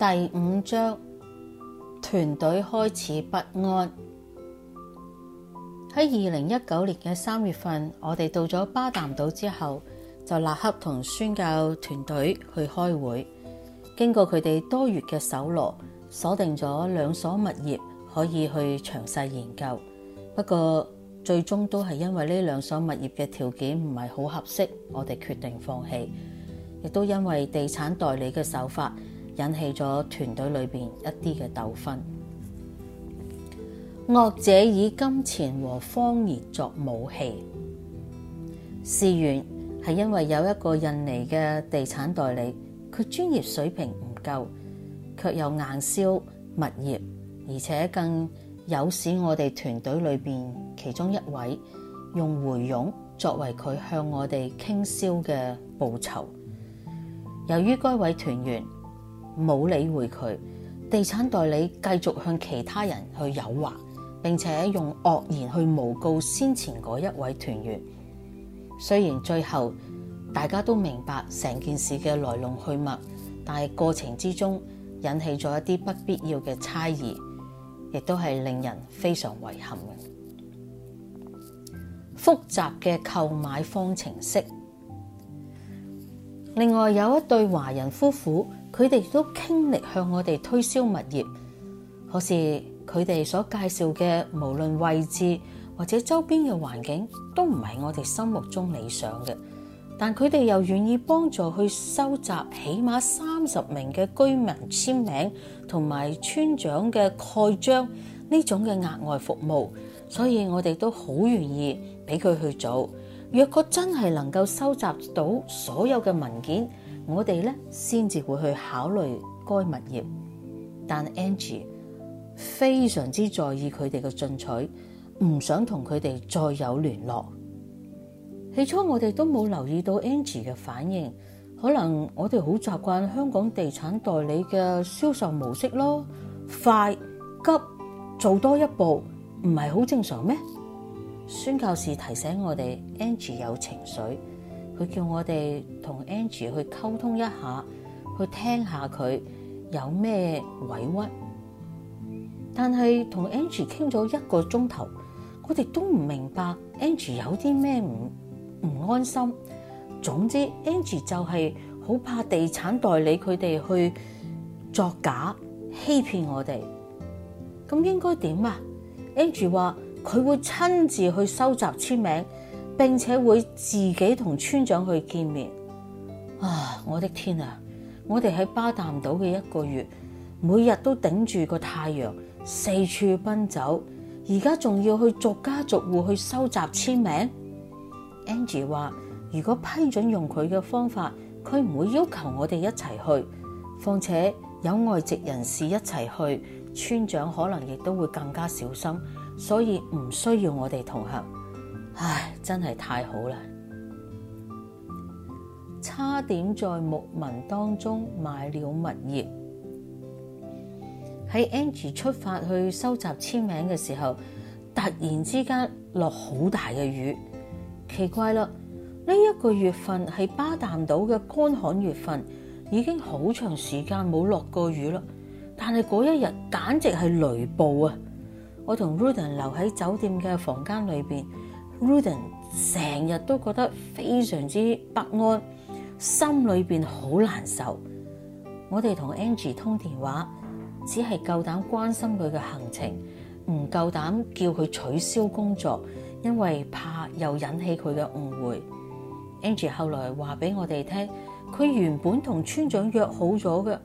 第五章，團隊開始不安。喺二零一九年嘅三月份，我哋到咗巴淡島之後，就立刻同宣教團隊去開會。經過佢哋多月嘅搜羅，鎖定咗兩所物業可以去詳細研究。不過最終都係因為呢兩所物業嘅條件唔係好合適，我哋決定放棄。亦都因為地產代理嘅手法。引起咗團隊裏邊一啲嘅糾紛。惡者以金錢和謊言作武器。事源係因為有一個印尼嘅地產代理，佢專業水平唔夠，却又硬銷物業，而且更誘使我哋團隊裏邊其中一位用回佣作為佢向我哋傾銷嘅報酬。由於該位團員。冇理會佢，地產代理繼續向其他人去誘惑，並且用惡言去誣告先前嗰一位團員。雖然最後大家都明白成件事嘅來龍去脈，但係過程之中引起咗一啲不必要嘅猜疑，亦都係令人非常遺憾嘅。複雜嘅購買方程式。另外有一對華人夫婦，佢哋都傾力向我哋推銷物業，可是佢哋所介紹嘅無論位置或者周邊嘅環境都唔係我哋心目中理想嘅，但佢哋又願意幫助去收集起碼三十名嘅居民簽名同埋村長嘅蓋章呢種嘅額外服務，所以我哋都好願意俾佢去做。若果真係能夠收集到所有嘅文件，我哋呢先至會去考慮該物業。但 Angie 非常之在意佢哋嘅進取，唔想同佢哋再有聯絡。起初我哋都冇留意到 Angie 嘅反應，可能我哋好習慣香港地產代理嘅銷售模式咯，快急，做多一步，唔係好正常咩？宣教士提醒我哋，Angie 有情緒，佢叫我哋同 Angie 去溝通一下，去聽下佢有咩委屈。但係同 Angie 傾咗一個鐘頭，我哋都唔明白 Angie 有啲咩唔唔安心。總之 Angie 就係好怕地產代理佢哋去作假，欺騙我哋。咁應該點啊？Angie 話。佢會親自去收集簽名，並且會自己同村長去見面。啊！我的天啊！我哋喺巴淡島嘅一個月，每日都頂住個太陽，四處奔走，而家仲要去逐家逐戶去收集簽名。Angie 話：如果批准用佢嘅方法，佢唔會要求我哋一齊去，況且有外籍人士一齊去，村長可能亦都會更加小心。所以唔需要我哋同行，唉，真係太好啦！差點在牧民當中買了物業。喺 Angie 出發去收集簽名嘅時候，突然之間落好大嘅雨，奇怪啦！呢、這、一個月份係巴淡島嘅乾旱月份，已經好長時間冇落過雨啦，但係嗰一日簡直係雷暴啊！我同 Rudin 留喺酒店嘅房間裏邊，Rudin 成日都覺得非常之不安，心裏邊好難受。我哋同 Angie 通電話，只係夠膽關心佢嘅行程，唔夠膽叫佢取消工作，因為怕又引起佢嘅誤會。Angie 後來話俾我哋聽，佢原本同村長約好咗嘅。